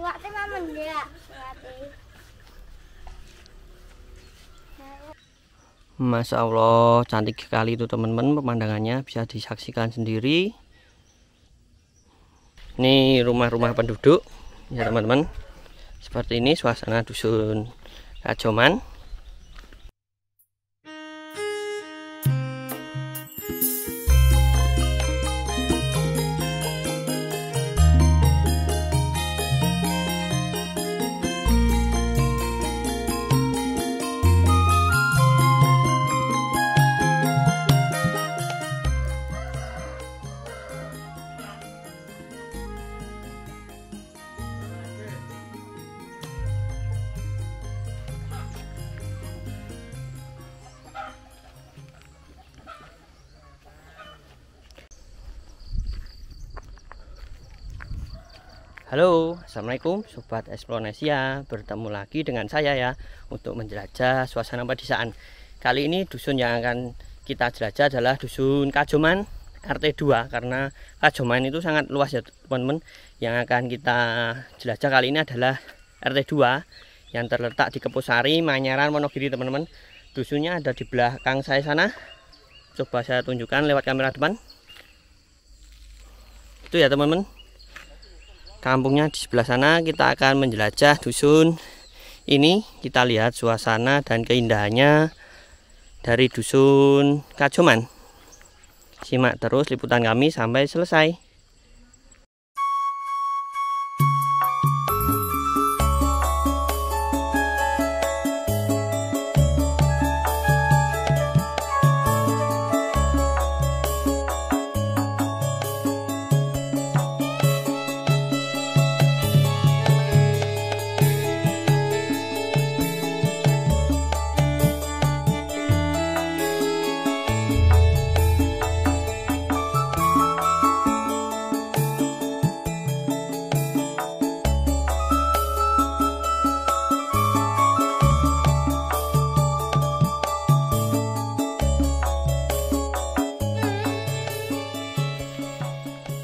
mama Masya Allah cantik sekali itu teman-teman pemandangannya bisa disaksikan sendiri ini rumah-rumah penduduk ya teman-teman seperti ini suasana dusun Kajoman Halo, Assalamualaikum Sobat Explonesia Bertemu lagi dengan saya ya Untuk menjelajah suasana pedesaan Kali ini dusun yang akan kita jelajah adalah Dusun Kajoman RT2 Karena Kajoman itu sangat luas ya teman-teman Yang akan kita jelajah kali ini adalah RT2 Yang terletak di Keposari, Manyaran, Wonogiri teman-teman Dusunnya ada di belakang saya sana Coba saya tunjukkan lewat kamera depan Itu ya teman-teman kampungnya di sebelah sana kita akan menjelajah dusun ini kita lihat suasana dan keindahannya dari dusun Kacuman simak terus liputan kami sampai selesai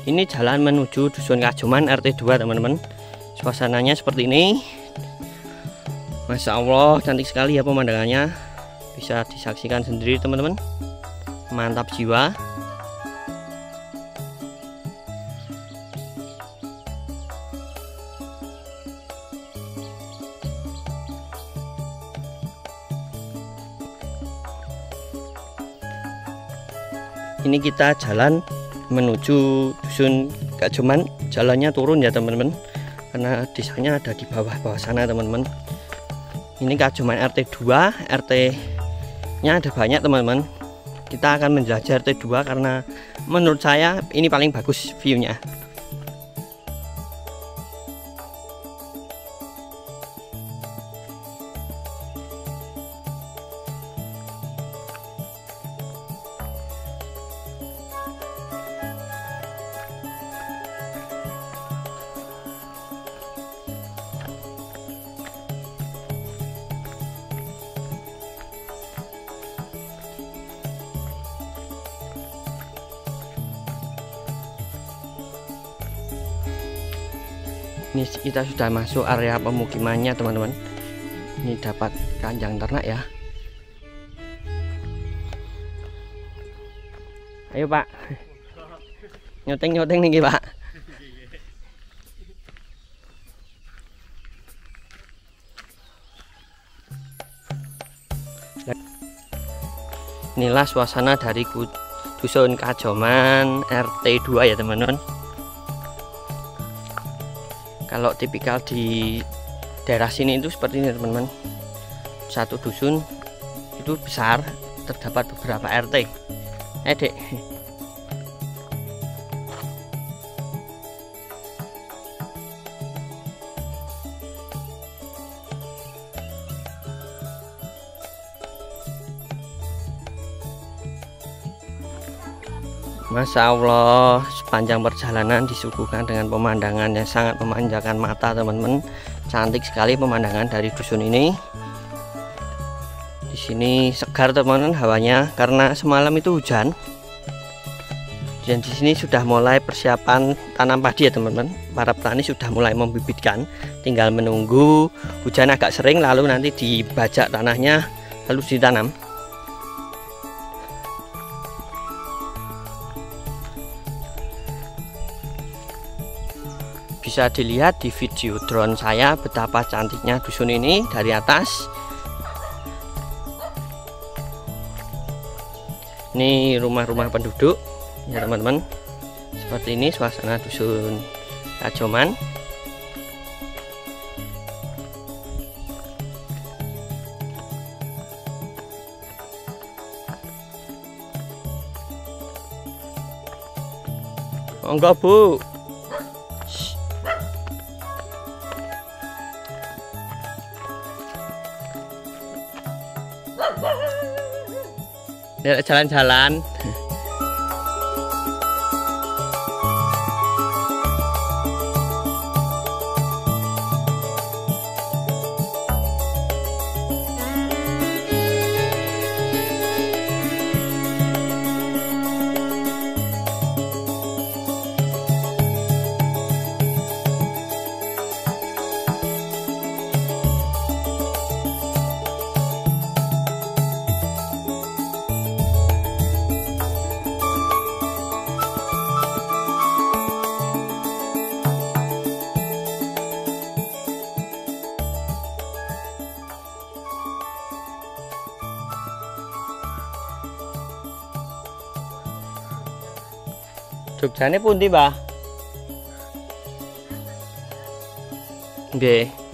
ini jalan menuju dusun Kajuman RT 2 teman-teman suasananya seperti ini Masya Allah cantik sekali ya pemandangannya bisa disaksikan sendiri teman-teman mantap jiwa ini kita jalan menuju dusun Kak Cuman jalannya turun ya teman-teman karena desanya ada di bawah-bawah sana teman-teman ini Kak Cuman RT 2 RT nya ada banyak teman-teman kita akan menjelajah RT2 karena menurut saya ini paling bagus view-nya ini kita sudah masuk area pemukimannya teman-teman ini dapat kanjang ternak ya ayo pak nyoteng nyoteng nih pak inilah suasana dari dusun Kajoman RT2 ya teman-teman kalau tipikal di daerah sini itu seperti ini teman-teman satu dusun itu besar terdapat beberapa RT eh dek Masya Allah sepanjang perjalanan disuguhkan dengan pemandangan yang sangat memanjakan mata teman-teman cantik sekali pemandangan dari dusun ini di sini segar teman-teman hawanya karena semalam itu hujan dan di sini sudah mulai persiapan tanam padi ya teman-teman para petani sudah mulai membibitkan tinggal menunggu hujan agak sering lalu nanti dibajak tanahnya lalu ditanam bisa dilihat di video drone saya betapa cantiknya dusun ini dari atas ini rumah-rumah penduduk ya teman-teman seperti ini suasana dusun Kajoman monggo bu Ya, jalan-jalan Jogjane pundi, Mbah? Nggih.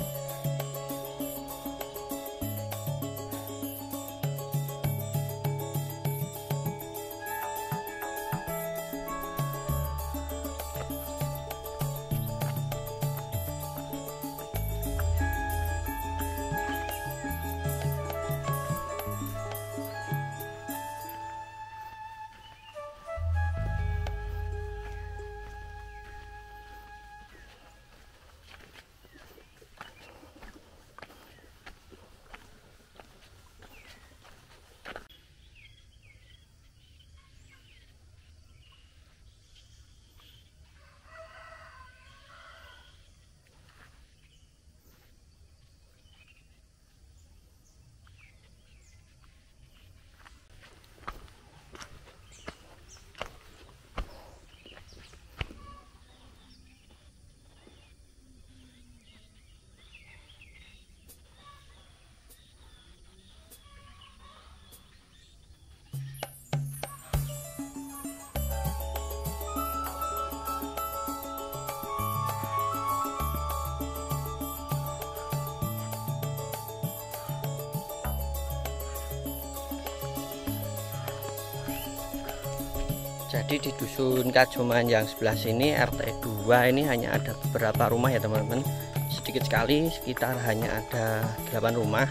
jadi di dusun Kajoman yang sebelah sini RT 2 ini hanya ada beberapa rumah ya teman-teman sedikit sekali sekitar hanya ada 8 rumah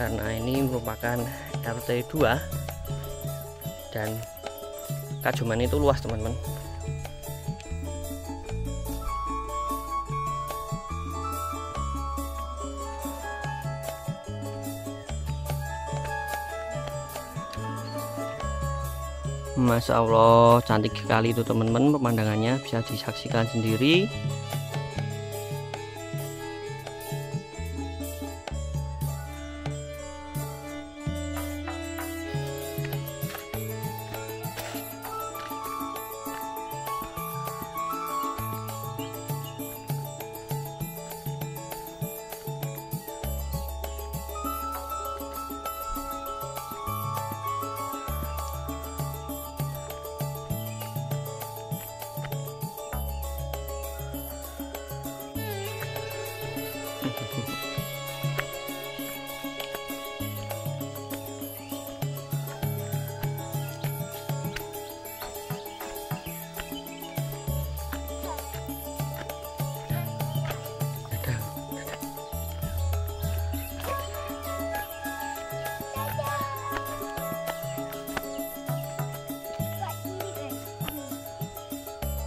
karena ini merupakan RT 2 dan Kajoman itu luas teman-teman Masya Allah cantik sekali itu teman-teman pemandangannya bisa disaksikan sendiri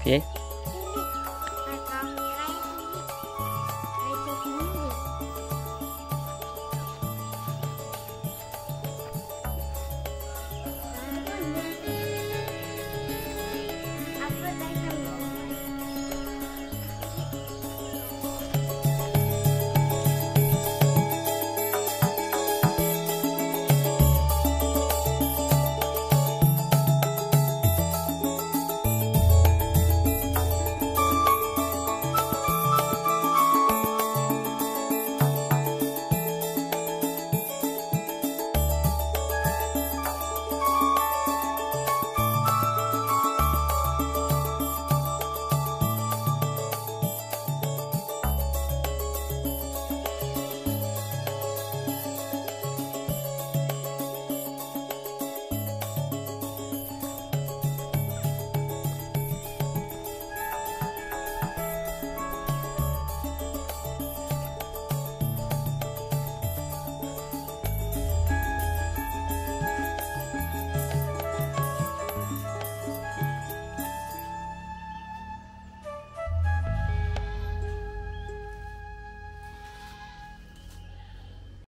耶。